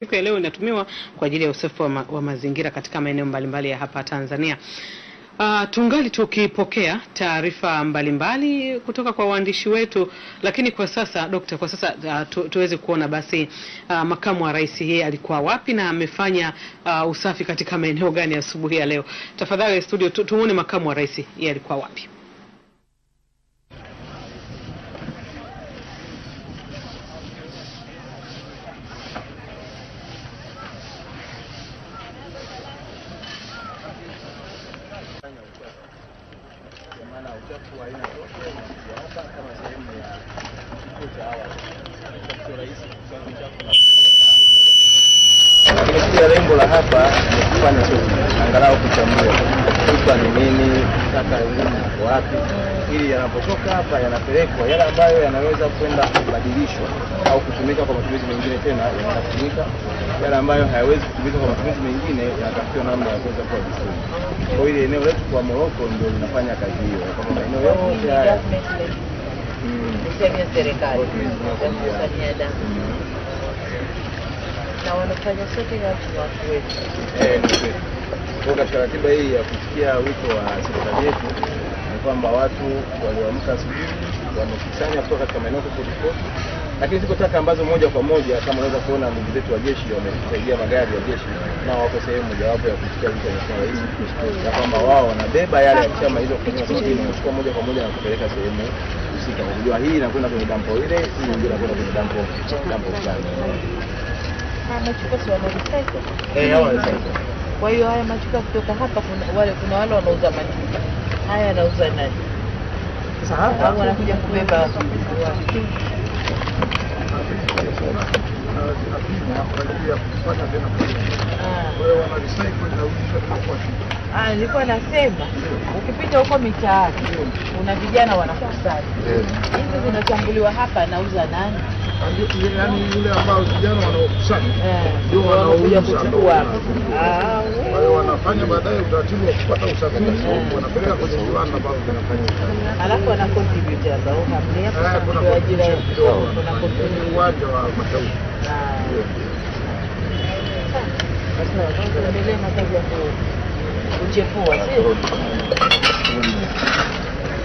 Siku ya leo inatumiwa kwa ajili ya usafi wa, ma wa mazingira katika maeneo mbalimbali ya hapa Tanzania. Uh, tungali tukipokea taarifa mbalimbali kutoka kwa waandishi wetu, lakini kwa sasa dokta, kwa sasa uh, tu, tuweze kuona basi uh, makamu wa rais yeye alikuwa wapi na amefanya uh, usafi katika maeneo gani asubuhi ya, leo. Tafadhali studio tu, tuone makamu wa rais yeye alikuwa wapi. uchafu wa aina zote hapa kama sehemu ya kituo cha hawa rais uchafu Nafikiri lengo la hapa ni kufanya angalau kuchambua sifa ni nini, taka elimu wapi, ili yanapotoka hapa yanapelekwa yale ambayo yanaweza kwenda kubadilishwa au kutumika kwa matumizi mengine tena yanatumika, yale ambayo hayawezi kutumika kwa matumizi mengine yanatafutiwa namna ya kuweza kuwa vizuri. Kwa hiyo eneo letu kwa Moroko ndio linafanya kazi hiyo, kwamba maeneo yote haya serikali na wanafanya sote watu wa wetu. Eh, kwa katika ratiba hii ya kufikia wito wa serikali yetu ni kwamba watu walioamka asubuhi wamekusanya kutoka katika maeneo tofautitofauti, lakini ziko taka ambazo moja kwa moja kama unaweza kuona ndugu zetu wa jeshi wamesaidia magari ya jeshi, nao wako sehemu mojawapo ya kufikia wito wa mheshimiwa rais, na kwamba wao wanabeba yale yakishamaliza kufanywa sokini, wanachukua moja kwa moja na kupeleka sehemu husika, kwa kujua hii inakwenda kwenye dampo ile, hii nyingine inakwenda kwenye dampo dampo fulani haya machupa si wanarecycle? Eh, Kwa hiyo haya machupa kutoka hapa, kuna wale kuna wale wanauza machupa haya, yanauza nani? Sasa hapa wanakuja kubeba kupata tena, kwa hiyo na kwa Ah, nilikuwa nasema ukipita huko mitaani kuna vijana wanakusanya hizi zinachambuliwa hapa, anauza nani? Yaani yule ambao vijana wanaokusanya eh. ndio kuchukua. Ah, wanafanya baadaye utaratibu wa kupata usafiri, eh. wanapeleka kwenye viwanda ambavyo wana eh, uwanja wa mashauri basi, na kazi ya u j h e p u así.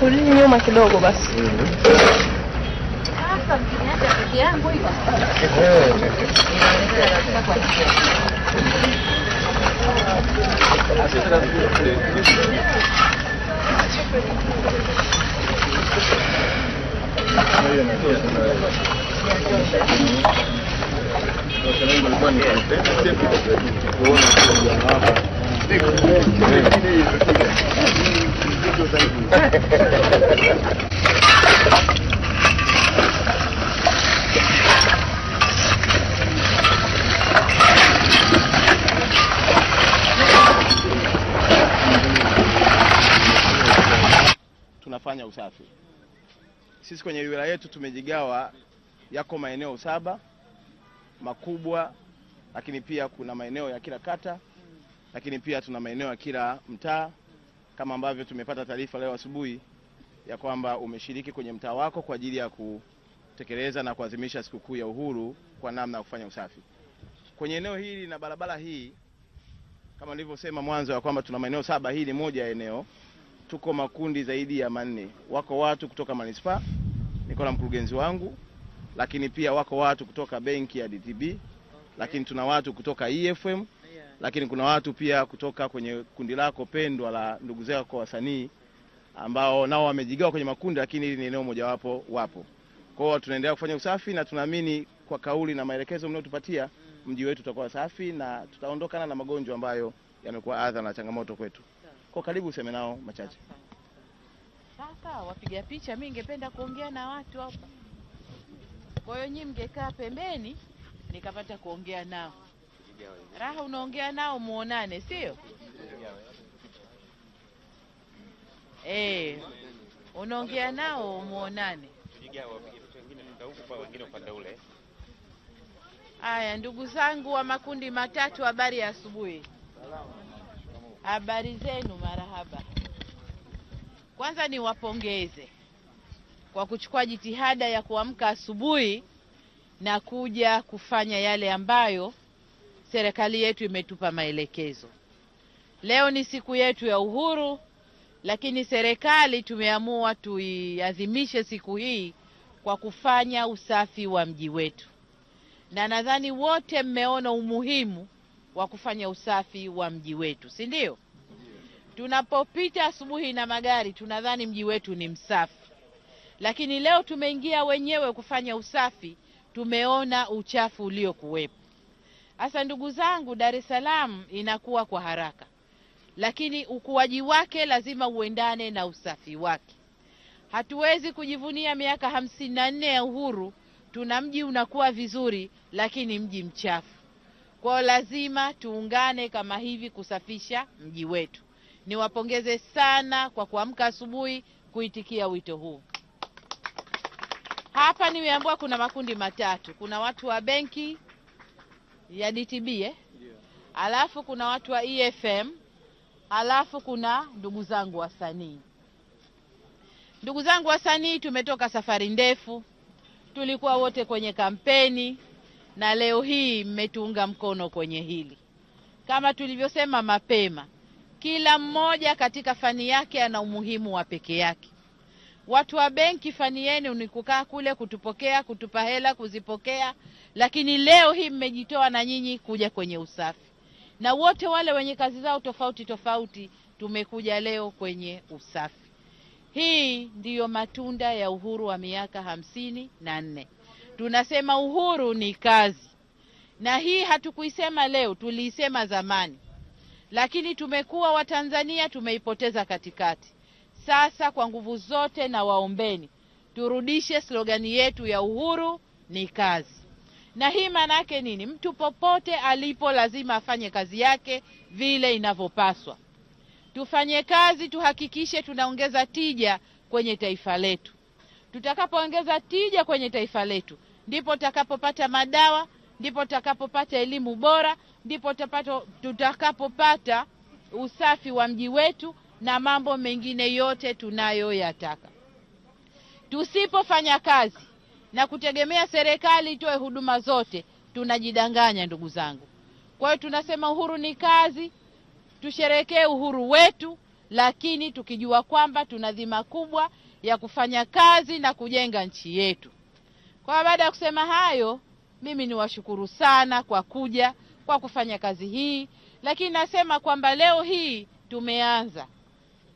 Un n i ñ u más q u loco, vas. Gracias. Tunafanya usafi sisi kwenye wilaya yetu, tumejigawa yako maeneo saba makubwa, lakini pia kuna maeneo ya kila kata lakini pia tuna maeneo ya kila mtaa, kama ambavyo tumepata taarifa leo asubuhi ya kwamba umeshiriki kwenye mtaa wako kwa ajili ya kutekeleza na kuadhimisha sikukuu ya uhuru kwa namna ya kufanya usafi kwenye eneo hili na barabara hii. Kama nilivyosema mwanzo ya kwamba tuna maeneo saba, hii ni moja ya eneo. Tuko makundi zaidi ya manne, wako watu kutoka manispaa, niko na mkurugenzi wangu, lakini pia wako watu kutoka benki ya DTB, lakini tuna watu kutoka EFM lakini kuna watu pia kutoka kwenye kundi lako pendwa la ndugu zako kwa wasanii ambao nao wamejigawa kwenye makundi, lakini hili ni eneo mojawapo wapo. Kwa hiyo tunaendelea kufanya usafi na tunaamini kwa kauli na maelekezo mnayotupatia, mji wetu utakuwa safi na tutaondokana na magonjwa ambayo yamekuwa adha na changamoto kwetu. Kwa karibu useme nao machache. Sasa wapiga picha, mimi ningependa kuongea na watu hapa. Kwa hiyo nyinyi mngekaa pembeni nikapata kuongea nao. Raha unaongea nao muonane, sio eh? Unaongea nao muonane. Haya, ndugu zangu wa makundi matatu, habari ya asubuhi. Habari zenu, marahaba. Kwanza niwapongeze kwa kuchukua jitihada ya kuamka asubuhi na kuja kufanya yale ambayo serikali yetu imetupa maelekezo. Leo ni siku yetu ya uhuru, lakini serikali tumeamua tuiadhimishe siku hii kwa kufanya usafi wa mji wetu, na nadhani wote mmeona umuhimu wa kufanya usafi wa mji wetu, si ndio? Tunapopita asubuhi na magari tunadhani mji wetu ni msafi, lakini leo tumeingia wenyewe kufanya usafi, tumeona uchafu uliokuwepo hasa ndugu zangu, Dar es Salaam inakuwa kwa haraka, lakini ukuaji wake lazima uendane na usafi wake. Hatuwezi kujivunia miaka hamsini na nne ya uhuru tuna mji unakuwa vizuri, lakini mji mchafu. Kwa lazima tuungane kama hivi kusafisha mji wetu. Niwapongeze sana kwa kuamka asubuhi kuitikia wito huu. Hapa nimeambiwa kuna makundi matatu, kuna watu wa benki ya DTB eh? Yeah. Alafu kuna watu wa EFM, alafu kuna ndugu zangu wasanii. Ndugu zangu wasanii, tumetoka safari ndefu, tulikuwa wote kwenye kampeni na leo hii mmetuunga mkono kwenye hili. Kama tulivyosema mapema, kila mmoja katika fani yake ana umuhimu wa peke yake. Watu wa benki, fani yenu ni kukaa kule, kutupokea, kutupa hela, kuzipokea lakini leo hii mmejitoa na nyinyi kuja kwenye usafi, na wote wale wenye kazi zao tofauti tofauti tumekuja leo kwenye usafi. Hii ndiyo matunda ya uhuru wa miaka hamsini na nne. Tunasema uhuru ni kazi, na hii hatukuisema leo, tuliisema zamani, lakini tumekuwa Watanzania tumeipoteza katikati. Sasa kwa nguvu zote na waombeni turudishe slogani yetu ya uhuru ni kazi na hii maana yake nini? Mtu popote alipo lazima afanye kazi yake vile inavyopaswa. Tufanye kazi, tuhakikishe tunaongeza tija kwenye taifa letu. Tutakapoongeza tija kwenye taifa letu, ndipo tutakapopata madawa, ndipo tutakapopata elimu bora, ndipo tutakapopata usafi wa mji wetu na mambo mengine yote tunayoyataka. Tusipofanya kazi na kutegemea serikali itoe huduma zote, tunajidanganya ndugu zangu. Kwa hiyo tunasema uhuru ni kazi, tusherekee uhuru wetu, lakini tukijua kwamba tuna dhima kubwa ya kufanya kazi na kujenga nchi yetu. Kwa baada ya kusema hayo, mimi niwashukuru sana kwa kuja, kwa kufanya kazi hii, lakini nasema kwamba leo hii tumeanza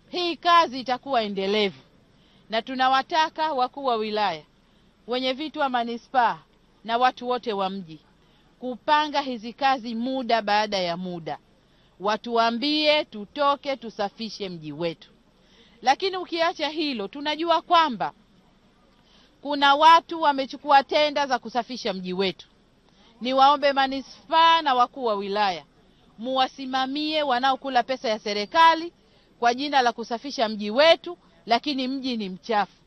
hii kazi, itakuwa endelevu na tunawataka wakuu wa wilaya vitu wa manispaa na watu wote wa mji kupanga hizi kazi muda baada ya muda, watuambie tutoke tusafishe mji wetu. Lakini ukiacha hilo, tunajua kwamba kuna watu wamechukua tenda za kusafisha mji wetu. Niwaombe manispaa na wakuu wa wilaya muwasimamie wanaokula pesa ya serikali kwa jina la kusafisha mji wetu, lakini mji ni mchafu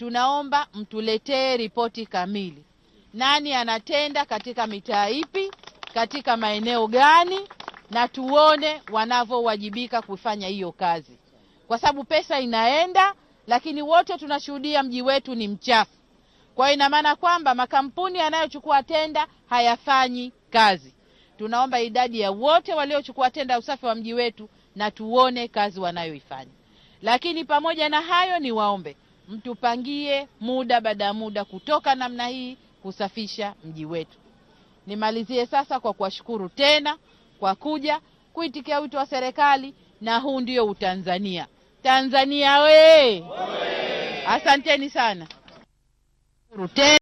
tunaomba mtuletee ripoti kamili, nani anatenda katika mitaa ipi, katika maeneo gani, na tuone wanavyowajibika kufanya hiyo kazi, kwa sababu pesa inaenda, lakini wote tunashuhudia mji wetu ni mchafu. Kwa hiyo ina maana kwamba makampuni yanayochukua tenda hayafanyi kazi. Tunaomba idadi ya wote waliochukua tenda ya usafi wa mji wetu na tuone kazi wanayoifanya. Lakini pamoja na hayo, niwaombe mtupangie muda baada ya muda kutoka namna hii kusafisha mji wetu. Nimalizie sasa kwa kuwashukuru tena kwa kuja kuitikia wito wa serikali, na huu ndio Utanzania. Tanzania we! Asanteni sana.